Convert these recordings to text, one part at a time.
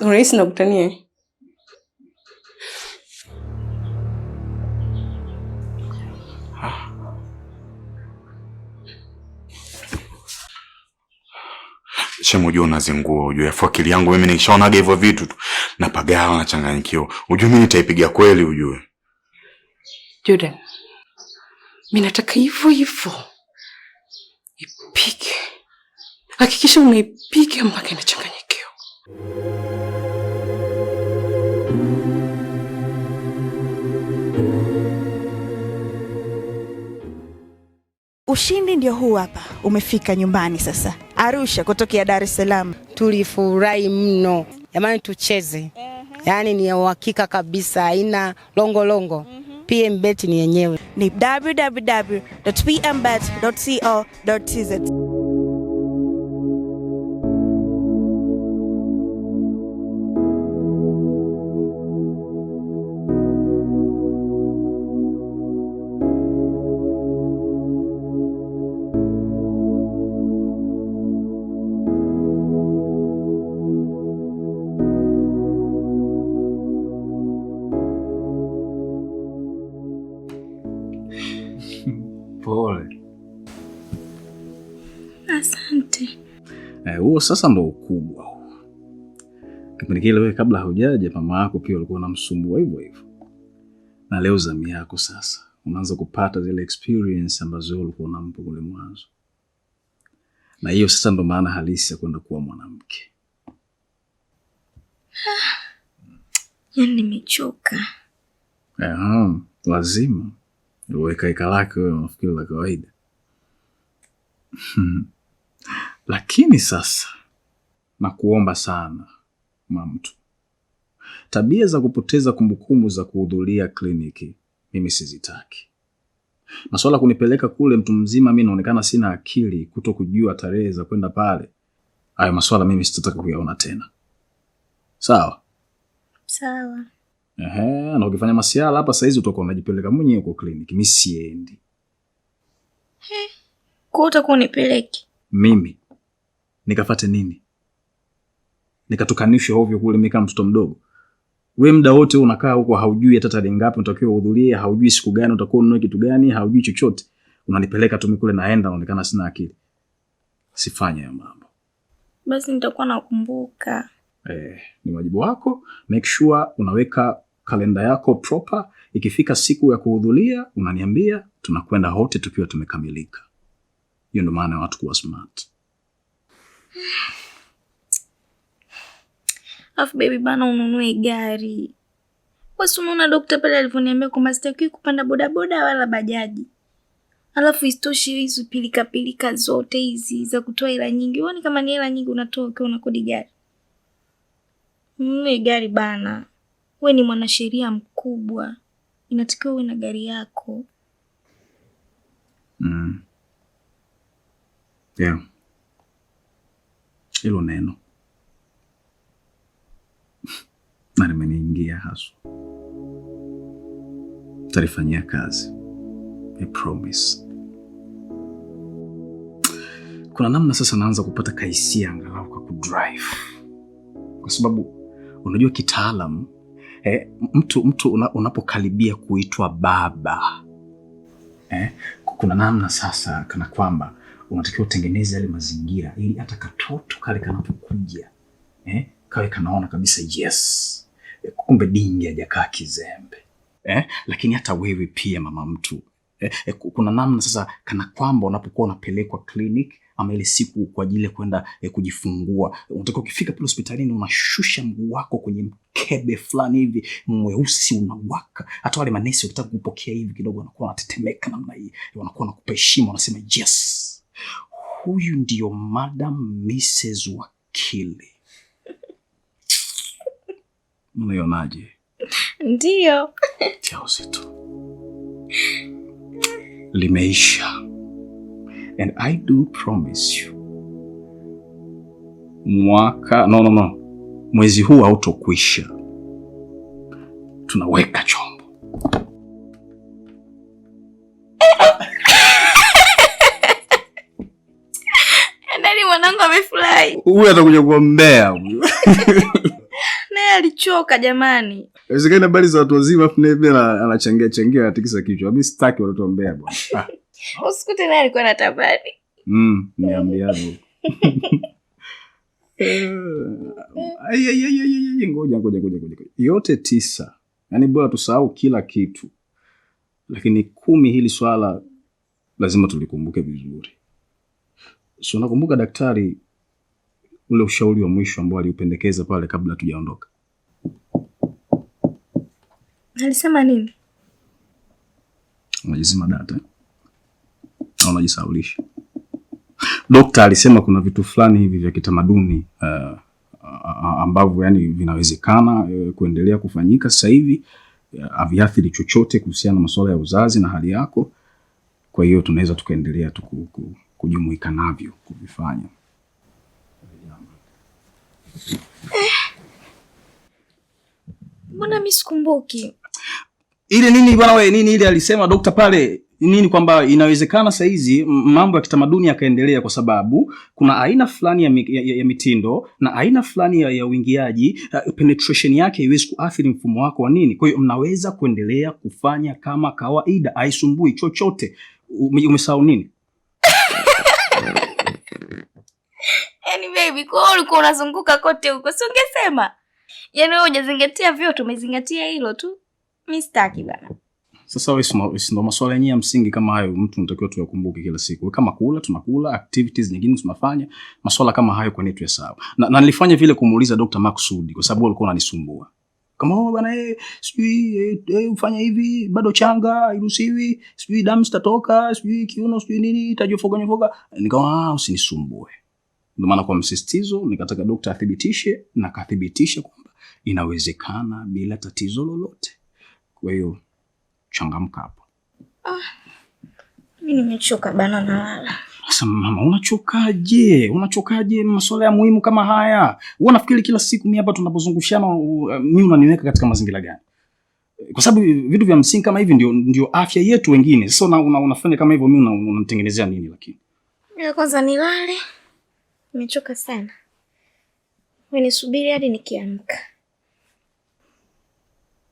Urahisi nakutania Shemu, ujua unazingua, ujue afu akili yangu mimi nikishaonaga hivyo vitu tu napagawa, nachanganyikiwa, ujue mimi nitaipiga kweli, ujue Jordan, mimi nataka hivyo hivyo ipige, hakikisha unaipiga mpaka inachanganyika. Ushindi ndio huu hapa, umefika nyumbani sasa. Arusha kutokea Dar es Salaam, tulifurahi mno jamani, tucheze yaani ni ya uhakika kabisa, haina longolongo. Mhm. PMBet ni yenyewe ni www.pmbet.co.tz. sasa ndo ukubwa Kipindi kile wewe kabla haujaja mama yako pia ulikuwa unamsumbua hivyo hivyo, na leo zamu yako sasa unaanza kupata zile experience ambazo ulikuwa unampa kule mwanzo, na hiyo sasa ndo maana halisi ya kwenda kuwa mwanamke. Yani nimechoka. lazima uwekaeka lake wewe, unafikiri la kawaida Lakini sasa nakuomba sana Mamtu, tabia za kupoteza kumbukumbu za kuhudhuria kliniki mimi sizitaki. Maswala kunipeleka kule mtu mzima, mi naonekana sina akili kuto kujua tarehe za kwenda pale. Hayo maswala mimi sitataka kuyaona tena. Sawa sawa. Ehe, na ukifanya masiala hapa saizi utakuwa unajipeleka mwenyewe huko kliniki. Mi siendi. kwa utakuwa unipeleki mimi nikafate nini? Nikatukanishwe ovyo kule mimi kama mtoto mdogo. Wewe muda wote unakaa huko haujui hata tarehe ngapi unatakiwa uhudhurie, haujui siku gani utakuwa ununue kitu gani, haujui chochote. Unanipeleka tu mimi kule naenda naonekana sina akili. Sifanye hayo mambo. Basi nitakuwa nakumbuka. Eh, ni wajibu wako. Make sure unaweka kalenda yako proper. Ikifika siku ya kuhudhuria unaniambia, tunakwenda hote tukiwa tumekamilika. Hiyo ndio maana ya watu kuwa smart. Afu baby bana, ununue gari wasi. Unaona dokta pale alivyoniambia kwamba sitakiwi kupanda bodaboda wala bajaji, alafu istoshi hizo pilikapilika zote hizi za kutoa hela nyingi. Uone kama ni hela nyingi unatoa ukiwa unakodi gari. Ununue gari bana, we ni mwanasheria mkubwa, inatakiwa uwe na gari yako mm. yeah hilo neno na limeniingia haswa. Talifanyia kazi, I promise. Kuna namna sasa naanza kupata kahisia angalau kwa kudrive, kwa sababu unajua kitaalam eh, mtu mtu una, unapokaribia kuitwa baba eh, kuna namna sasa kana kwamba unatakiwa utengeneze yale mazingira ili hata katoto kale kanapokuja eh, kawe kanaona kabisa yes, eh, kumbe dingi hajakaa kizembe eh. Lakini hata wewe pia mama mtu eh, eh, kuna namna sasa, kana kwamba unapokuwa unapelekwa clinic ama ile siku kwa ajili ya kwenda eh, kujifungua, unatakiwa ukifika pale hospitalini unashusha mguu wako kwenye mkebe fulani hivi mweusi unawaka. Hata wale manesi wakitaka kupokea hivi kidogo, wanakuwa wanatetemeka namna hii, wanakuwa wanakupa heshima, wanasema yes huyu ndio Madam Mrs Wakili. Unaionaje? ndio Jauzito limeisha, and I do promise you mwaka no, no, no, mwezi huu hautokuisha. Tunaweka chombo mwanangu amefurahi. Huyu atakuja kuwa mbea huyu. Naye alichoka jamani. Inawezekana habari za watu wazima afu naye pia anachangia changia anatikisa kichwa. Mimi sitaki watoto mbea bwana. Ah. Usikute naye alikuwa na tabari. Mm, niambiaje. Ai ngoja ngoja ngoja ngoja. Yote tisa. Yaani bora tusahau kila kitu. Lakini kumi hili swala lazima tulikumbuke vizuri. So nakumbuka daktari ule ushauri wa mwisho ambao aliupendekeza pale kabla tujaondoka? Alisema nini? Unajizima data au unajisaulisha? Dokta alisema kuna vitu fulani hivi vya kitamaduni uh, ambavyo yani vinawezekana uh, kuendelea kufanyika sasa hivi haviathiri uh, chochote kuhusiana na masuala ya uzazi na hali yako. Kwa hiyo tunaweza tukaendelea tuku kujumuika navyo kuvifanya. Mbona mimi sikumbuki ile nini bwana wewe, nini ile alisema dokta pale nini, kwamba inawezekana saa hizi mambo ya kitamaduni yakaendelea, kwa sababu kuna aina fulani ya, mi, ya, ya mitindo na aina fulani ya, ya uingiaji uh, penetration yake haiwezi kuathiri mfumo wako wa nini. Kwa hiyo mnaweza kuendelea kufanya kama kawaida, haisumbui chochote. Umesahau nini? Yaani baby, kwa hiyo ulikuwa unazunguka kote huko, si ungesema? Yaani wewe hujazingatia vyote, umezingatia hilo tu. Mimi sitaki bana. Sasa wewe ndo maswala yenyewe ya msingi kama hayo mtu unatakiwa tuyakumbuke kila siku. Wewe kama kula tunakula, activities nyingine tunafanya, maswala kama hayo kwa nini tuyasahau? Na, na nilifanya vile kumuuliza Dr. Maksudi kwa sababu alikuwa ananisumbua. Kama wewe oh, bana eh, sijui eh, eh ufanya hivi, bado changa, hairuhusiwi, sijui damu zitatoka, sijui kiuno, sijui nini, itajofoga nyofoga. Nikawa ah, usinisumbue. Ndio maana kwa msisitizo nikataka dokta athibitishe, na kathibitisha kwamba inawezekana bila tatizo lolote. Kwa hiyo changamka hapo. Ah, mimi nimechoka bana, nalala sasa. Mama unachokaje? Unachokaje masuala ya muhimu kama haya? Wewe unafikiri kila siku mimi hapa tunapozungushana, mi mimi unaniweka katika mazingira gani? Kwa sababu vitu vya msingi kama hivi ndio, ndio afya yetu wengine. Sasa so, una, una, unafanya kama hivyo, mimi unanitengenezea nini? Lakini kwanza nilale. Nimechoka sana, wenisubiri hadi nikiamka.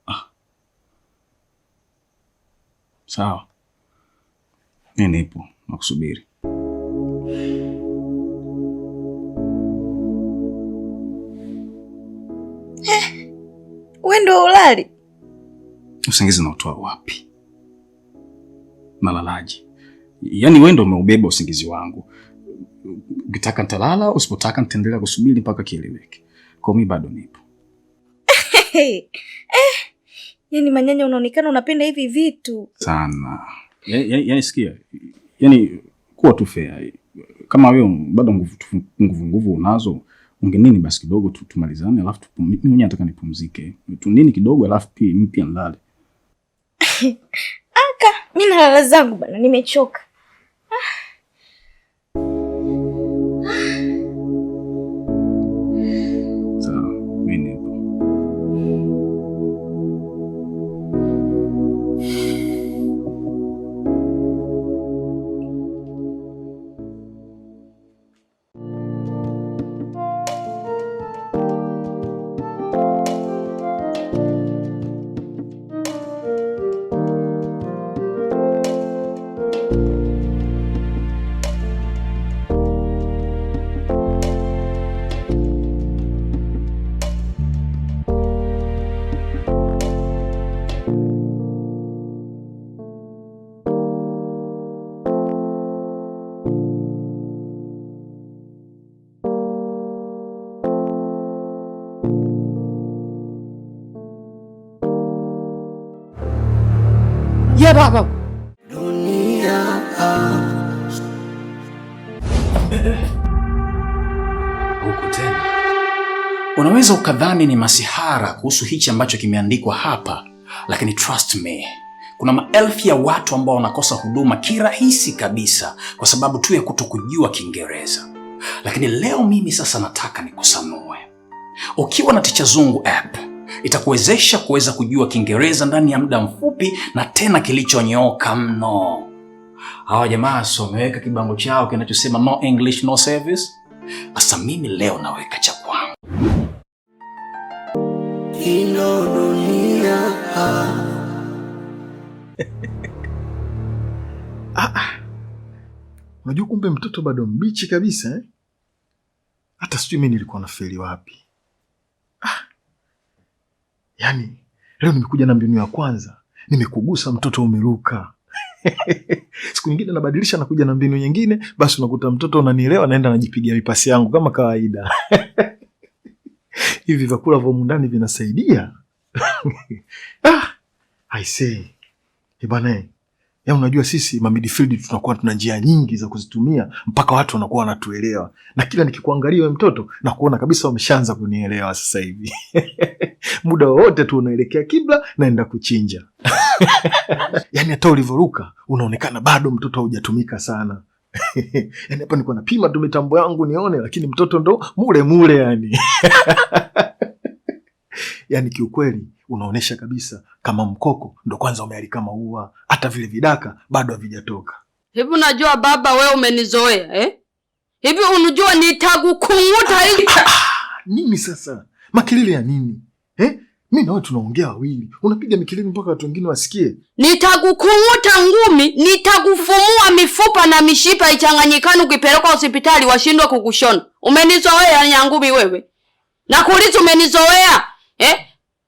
Ah, sawa, mi nipo nakusubiri. Eh, we ulali? Usingizi nautoa wapi? Malalaji, yaani wewe ndio umeubeba usingizi wangu ukitaka ntalala usipotaka nitaendelea kusubiri mpaka kieleweke. Kwa mimi bado nipo. Eh, yani manyanya, unaonekana unapenda hivi vitu sana. Yani, yani sikia, yani kuwa tu fair. Kama wewe bado nguvu nguvu nguvu unazo, unge nini basi kidogo tu tumalizane, alafu mimi mwenyewe nataka nipumzike tu nini kidogo, alafu pia mimi pia nilale. Aka mimi nalala zangu bana, nimechoka Tulia baba. Dunia. Huku tena. Unaweza ukadhani ni masihara kuhusu hichi ambacho kimeandikwa hapa, lakini trust me, kuna maelfu ya watu ambao wanakosa huduma kirahisi kabisa kwa sababu tu ya kutokujua Kiingereza. Lakini leo mimi sasa nataka nikusanue. Ukiwa na Ticha Zungu app itakuwezesha kuweza kujua Kiingereza ndani ya muda mfupi na tena kilichonyooka mno. Hawa jamaa so wameweka kibango chao kinachosema no English no service. Sasa mimi leo naweka cha kwangu. Ah, ah. Unajua, kumbe mtoto bado mbichi kabisa eh? Hata sijui mi nilikuwa nafeli wapi. Ah yani leo nimekuja na mbinu ya kwanza, nimekugusa mtoto umeruka. Siku nyingine nabadilisha nakuja na mbinu nyingine, basi unakuta mtoto unanielewa, naenda najipigia mipasi yangu kama kawaida. Hivi vyakula vya mundani vinasaidia. Ah, I say. Ya unajua sisi ma midfield tunakuwa tuna njia nyingi za kuzitumia mpaka watu wanakuwa wanatuelewa. Na kila nikikuangalia wewe mtoto na kuona kabisa wameshaanza kunielewa sasa hivi. Muda wowote tu unaelekea kibla naenda kuchinja. yani hata ulivoruka unaonekana bado mtoto haujatumika sana. yani hapa niko napima tu mitambo yangu nione, lakini mtoto ndo mule mule yani yani kiukweli unaonyesha kabisa kama mkoko ndo kwanza umealikama maua, hata vile vidaka bado havijatoka. Hivi unajua baba, wewe umenizoea eh? Hivi unajua nitakukunguta hivi. Ah, ah, ah, nini sasa makelele ya nini eh? Mi nawe tunaongea wawili, unapiga mikelele mpaka watu wengine wasikie. Nitakukunguta ngumi, nitakufumua mifupa na mishipa ichanganyikane, ukipelekwa hospitali washindwe kukushona. Umenizoea nyangumi wewe, nakuuliza umenizoea eh?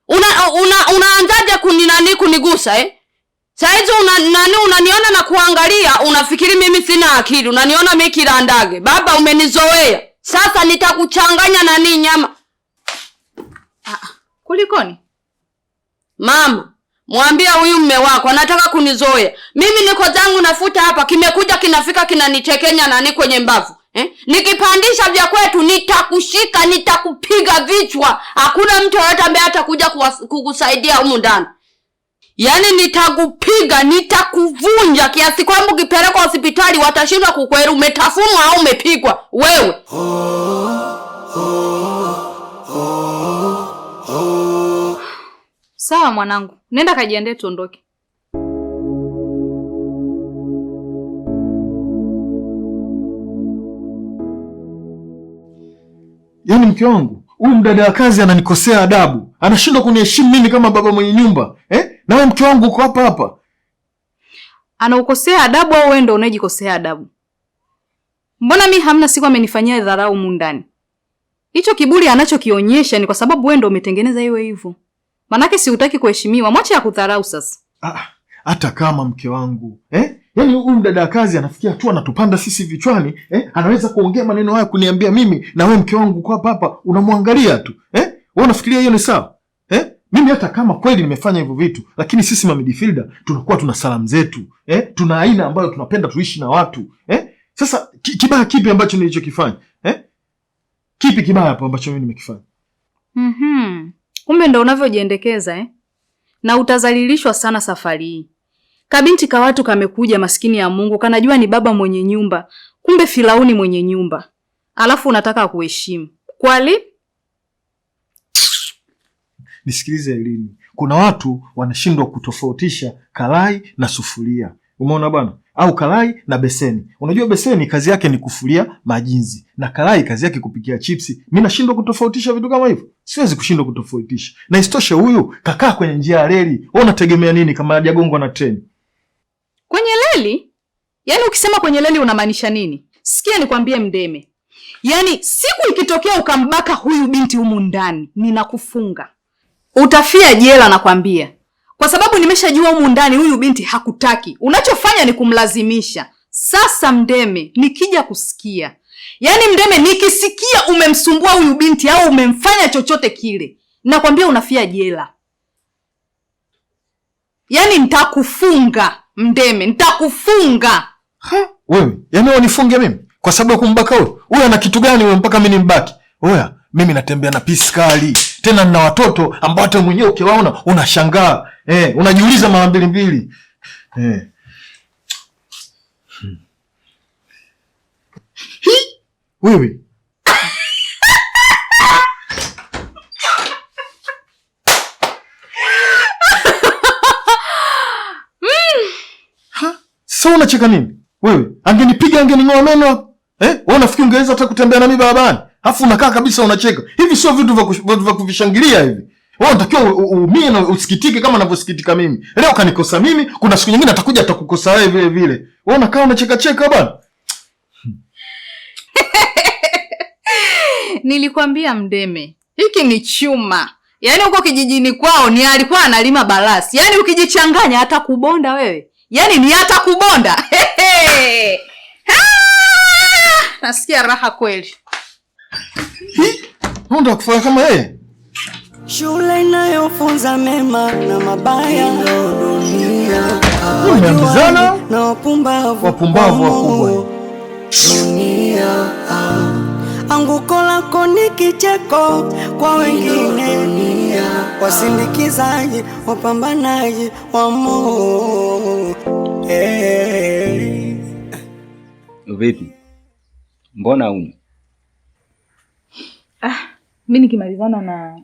Una, una, unaanzaje kuninani kunigusa eh? Saizi una, nani unaniona na kuangalia, unafikiri mimi sina akili, unaniona mimi kilandage Baba umenizoea sasa, nitakuchanganya nani nyama. Ah, ah, kulikoni mama? Mwambia huyu mme wako anataka kunizoea mimi, niko zangu nafuta hapa, kimekuja kinafika kinanichekenya nani kwenye mbavu eh? Nikipandisha vya kwetu nitakushika, nitakupiga vichwa. Hakuna mtu yoyote ambaye atakuja kukusaidia humu ndani. Yaani nitakupiga, nitakuvunja kiasi kwamba ukipelekwa hospitali watashindwa kukweli, umetafunwa au umepigwa wewe. Sawa mwanangu, nenda kajiandae tuondoke. yaani mke wangu huyu mdada wa kazi ananikosea adabu, anashindwa kuniheshimu mimi kama baba mwenye nyumba eh? Na wewe mke wangu uko hapa hapa, anaukosea adabu au wewe ndio unajikosea adabu? Mbona mi hamna siku amenifanyia dharau mu ndani. Hicho kiburi anachokionyesha ni kwa sababu wewe ndio umetengeneza iwe hivyo, manake si utaki kuheshimiwa, mwache ya kudharau sasa. Ah hata kama mke wangu eh? Yani huyu mdada kazi anafikia hatua anatupanda sisi vichwani eh? Anaweza kuongea maneno haya kuniambia mimi na we mke wangu kwa papa unamwangalia tu eh? We unafikiria hiyo ni sawa eh? Mimi hata kama kweli nimefanya hivyo vitu, lakini sisi ma tunakuwa tuna salamu zetu eh? Tuna aina ambayo tunapenda tuishi na watu eh? Sasa kibaya kipi ambacho nilichokifanya eh? Kipi kibaya hapo ambacho mimi nimekifanya? mm -hmm. kumbe ndo unavyojiendekeza eh? na utazalilishwa sana safari hii. Kabinti ka watu kamekuja, maskini ya Mungu, kanajua ni baba mwenye nyumba, kumbe Firauni mwenye nyumba, alafu unataka kuheshimu kwali? Nisikilize Elini, kuna watu wanashindwa kutofautisha karai na sufuria. Umeona bwana? Au karai na beseni. Unajua beseni kazi yake ni kufulia majinzi na karai kazi yake kupikia chipsi. mi nashindwa kutofautisha vitu kama hivyo, siwezi kushindwa kutofautisha. Na isitoshe huyu kakaa kwenye njia ya reli, wewe unategemea nini kama ajagongwa na treni? Kwenye reli? Yaani ukisema kwenye reli unamaanisha nini? Sikia nikwambie, Mdeme, yaani siku ikitokea ukambaka huyu binti humu ndani, ninakufunga utafia jela, nakwambia kwa sababu nimeshajua humu ndani huyu binti hakutaki, unachofanya ni kumlazimisha. Sasa Mdeme, nikija kusikia, yaani Mdeme nikisikia umemsumbua huyu binti au umemfanya chochote kile, nakwambia unafia jela. Yaani nitakufunga Mdeme, nitakufunga wewe. Yaani wanifunge mimi kwa sababu ya kumbaka huyu? Huyu ana kitu gani wewe mpaka mimi nimbaki? Oya, mimi natembea na piskali tena, nina watoto ambao hata mwenyewe ukiwaona unashangaa eh, unajiuliza mara mbili mbili eh. hmm. Wewe Sasa unacheka nini wewe? Angenipiga angening'oa meno eh? Wewe unafikiri ungeweza hata kutembea na mimi barabarani? Alafu unakaa kabisa unacheka. Hivi sio vitu vya kuvishangilia hivi. Wewe unatakiwa uumie na usikitike kama navyosikitika mimi. Leo kanikosa mimi, kuna siku nyingine atakuja atakukosa wewe vile vile. Wewe unakaa unacheka cheka bana. Nilikwambia mdeme, hiki ni chuma. Yaani huko kijijini kwao ni alikuwa analima balasi. Yaani ukijichanganya hata kubonda wewe. Yaani ni hata kubonda. Nasikia raha kweli. Ndio kufanya kama yeye. Shule inayofunza mema na mabaya ndio dunia. Wanajibizana na wapumbavu. Wapumbavu wakubwa. Dunia. Anguko lako ni kicheko kwa wengine. Dunia. Wasindikizaji, wapambanaji wa Mungu. Hey. Vipi? Mbona una Ah, mi nikimalizana na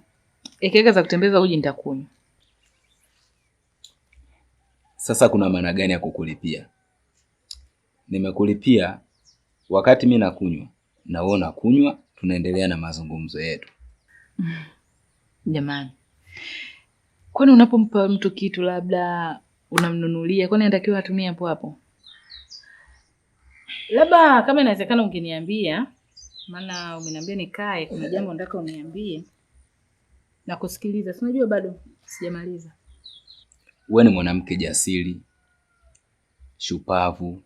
ekeka za kutembeza uji nitakunywa. Sasa kuna maana gani ya kukulipia? Nimekulipia wakati mi nakunywa na wewe unakunywa, tunaendelea na mazungumzo yetu. Jamani, kwani unapompa mtu kitu labda unamnunulia, kwani anatakiwa atumie hapo hapo? Labda kama inawezekana, ungeniambia maana umeniambia nikae, kuna eh, jambo eh. nataka uniambie na kusikiliza. Si unajua bado sijamaliza. Wewe ni mwanamke jasiri, shupavu,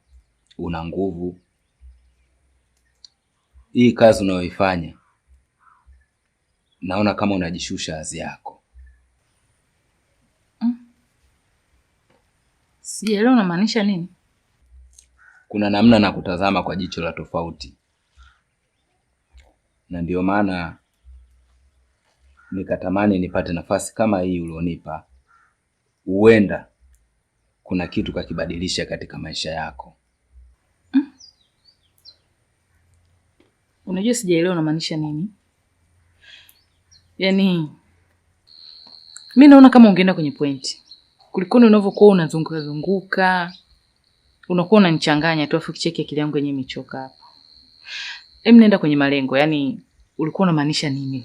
una nguvu. Hii kazi unayoifanya naona kama unajishusha azi yako. Mm. Sijaelewa unamaanisha nini? Kuna namna na kutazama kwa jicho la tofauti na ndio maana nikatamani nipate nafasi kama hii ulionipa. Huenda kuna kitu kakibadilisha katika maisha yako. Hmm. Unajua sijaelewa unamaanisha nini? Yaani mi naona kama ungeenda kwenye pointi kulikoni unavyokuwa unazunguka zunguka, unakuwa unanichanganya tu, afu kicheki akili yangu yenyewe imechoka hapa hem, nenda kwenye malengo, yaani ulikuwa unamaanisha nini?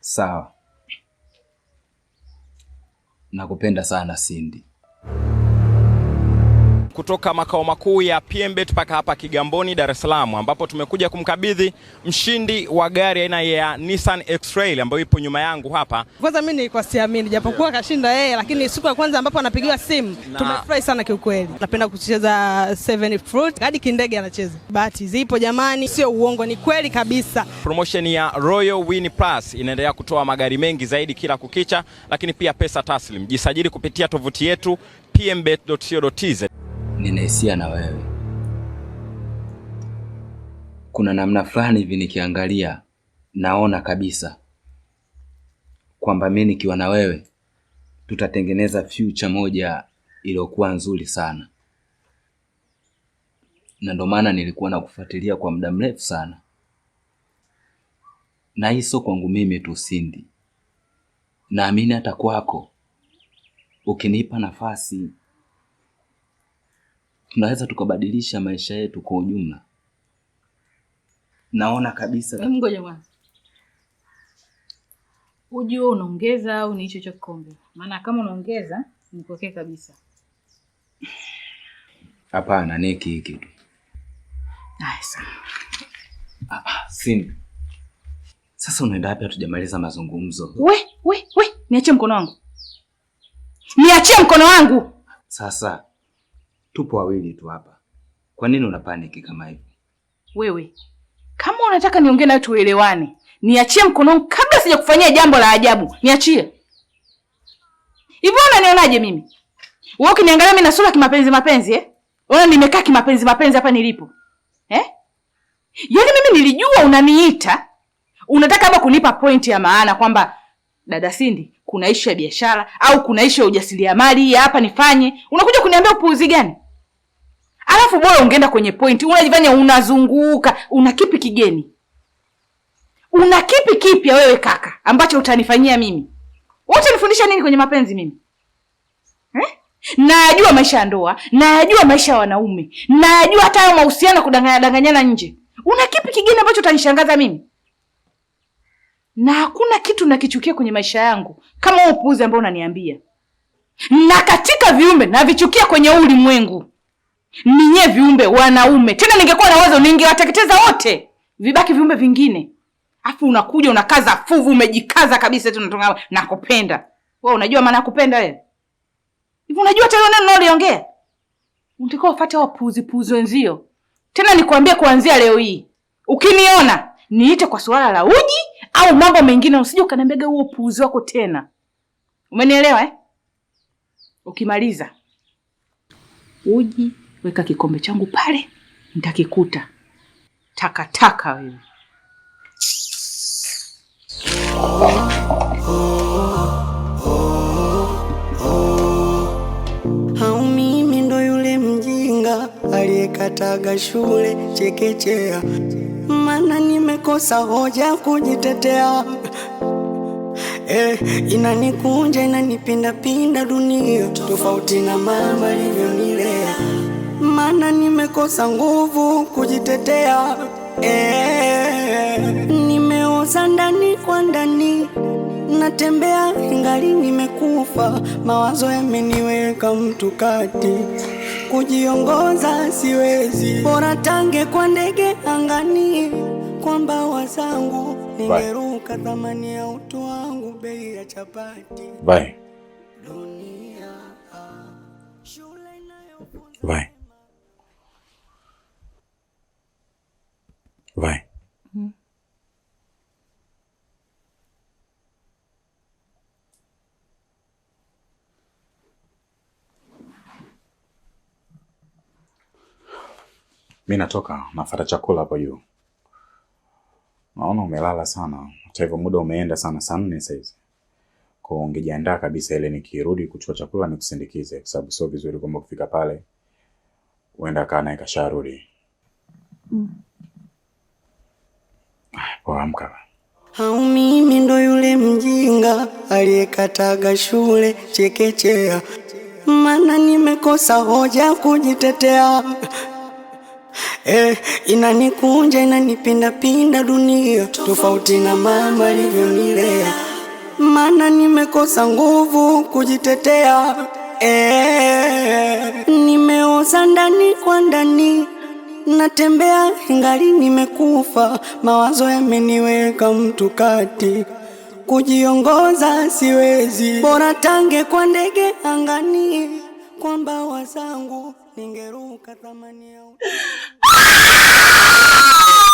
Sawa, nakupenda sana Sindi kutoka makao makuu ya PMBet mpaka hapa Kigamboni, Dar es Salaam, ambapo tumekuja kumkabidhi mshindi wa gari aina ya Nissan X-Trail ambayo ipo nyuma yangu hapa. Kwanza mimi nilikuwa siamini, japokuwa kashinda yeye, lakini siku ya kwanza ambapo anapigiwa simu tumefurahi sana kiukweli. Napenda kucheza Seven Fruit hadi kindege anacheza. Bahati zipo jamani, sio uongo, ni kweli kabisa. Promotion ya Royal Win Plus inaendelea kutoa magari mengi zaidi kila kukicha, lakini pia pesa taslim. Jisajili kupitia tovuti yetu pmbet.co.tz nina hisia na wewe. Kuna namna fulani hivi nikiangalia, naona kabisa kwamba mimi nikiwa na wewe tutatengeneza future moja iliyokuwa nzuri sana, na ndio maana nilikuwa nakufuatilia kwa muda mrefu sana, na hii sio kwangu mimi tu Sindi, naamini hata kwako ukinipa nafasi tunaweza tukabadilisha maisha yetu kwa ujumla. Naona kabisa. Ngoja kwanza, ujue unaongeza au ni hicho cha kikombe? Maana kama unaongeza nikuwekee kabisa. Hapana, neki hiki tu. Ah, ah, sasa unaenda wapi? Hatujamaliza mazungumzo. We, we, we, niachie mkono wangu, niachie mkono wangu sasa tupo wawili tu hapa, kwa nini una panic kama hivi? Wewe kama unataka niongee nayo tuelewane, niachie mkononi kabla sijakufanyia jambo la ajabu. Niachie hivyo. Unanionaje mimi? Wewe ukiniangalia mimi na sura kimapenzi mapenzi eh? Wewe nimekaa kimapenzi mapenzi hapa nilipo eh? Yaani mimi nilijua unaniita unataka ama kunipa pointi ya maana kwamba dada Sindi kuna ishu ya biashara au kuna ishu ya ujasiriamali hapa nifanye, unakuja kuniambia upuuzi gani? Alafu bora ungeenda kwenye pointi, unajifanya unazunguka. Una kipi kigeni? Una kipi kipya wewe kaka, ambacho utanifanyia mimi? Utanifundisha nini kwenye mapenzi mimi eh? Nayajua maisha ya ndoa, nayajua maisha ya wanaume, nayajua hata hayo mahusiano kudanganya danganyana nje. Una kipi kigeni ambacho utanishangaza mimi? Na hakuna kitu nakichukia kwenye maisha yangu kama upuuzi ambao unaniambia, na katika viumbe navichukia kwenye ulimwengu ninye viumbe wanaume. Tena ningekuwa na uwezo ningewateketeza wote, vibaki viumbe vingine, afu unakuja unakaza fuvu, umejikaza kabisa tu, unatonga nakupenda. Wewe unajua maana ya kupenda wewe? Hivi unajua tena neno unaliongea? Unatakiwa ufuate hao puzi puzi wenzio. Tena nikwambie, kuanzia leo hii ukiniona niite kwa swala la uji au mambo mengine, usije ukaniambia huo puzi wako tena. Umenielewa eh? Ukimaliza uji weka kikombe changu pale, nitakikuta takataka wewe. Au mimi ndo yule mjinga aliyekataga shule chekechea, mana nimekosa hoja kujitetea. Eh, inanikunja inanipindapinda dunia tofauti na mama alivyonilea mana nimekosa nguvu kujitetea eh, nimeoza ndani kwa ndani, natembea ingali nimekufa, mawazo yameniweka mtu kati, kujiongoza siwezi, bora tange kwa ndege angani, kwa mbawa zangu ningeruka, thamani ya utu wangu bei ya chapati Bye. Ah, Bye. Vai. Mi natoka nafata chakula hapo juu. Naona umelala sana, hata hivyo muda umeenda sana, saa nne saizi. Kwa hiyo ungejiandaa kabisa, ile nikirudi kuchukua chakula nikusindikize, kwa sababu sio vizuri kwamba kufika pale uenda kaa naye kasharudi. mm. Waamka. Au mimi ndo yule mjinga aliyekataga shule chekechea, mana nimekosa hoja kujitetea. Eh, inanikunja inanipindapinda dunia, tofauti na mama alivyonilea, mana nimekosa nguvu kujitetea. Eh, nimeoza ndani kwa ndani Natembea ingali nimekufa, mawazo yameniweka mtu kati, kujiongoza siwezi, bora tange kwa ndege angani, kwamba wazangu ningeruka thamani ya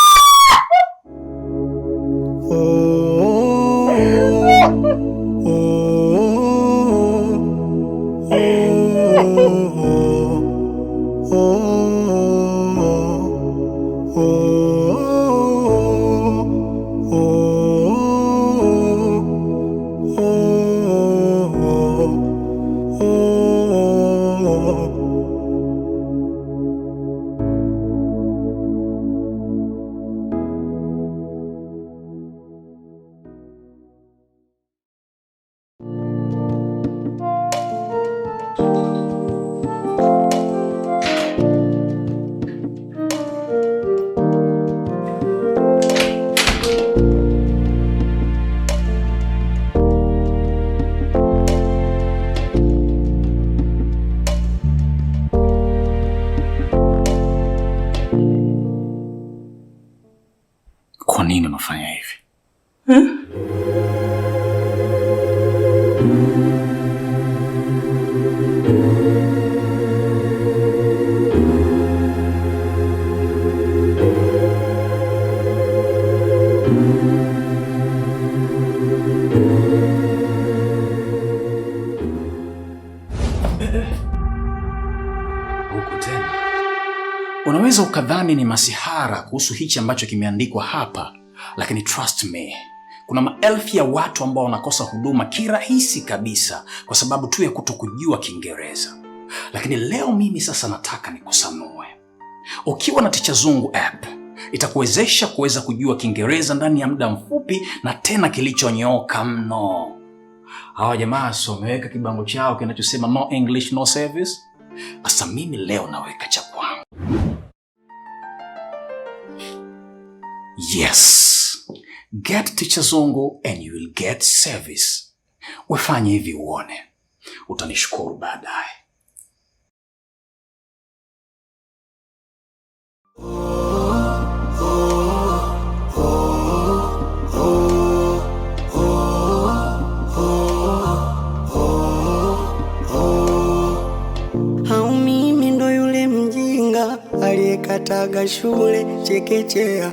fulani ni masihara kuhusu hichi ambacho kimeandikwa hapa, lakini trust me, kuna maelfu ya watu ambao wanakosa huduma kirahisi kabisa kwa sababu tu ya kutokujua Kiingereza. Lakini leo mimi sasa nataka nikusanue. Ukiwa na Ticha Zungu app itakuwezesha kuweza kujua Kiingereza ndani ya muda mfupi na tena kilichonyooka mno. Hawa jamaa so wameweka kibango chao kinachosema no English no service. Asa mimi leo naweka cha kwangu. Yes. Get Ticha zongo and you will get service. Wefanye hivi uone, utanishukuru baadaye. Haumimi ndo yule mjinga aliyekataga shule chekechea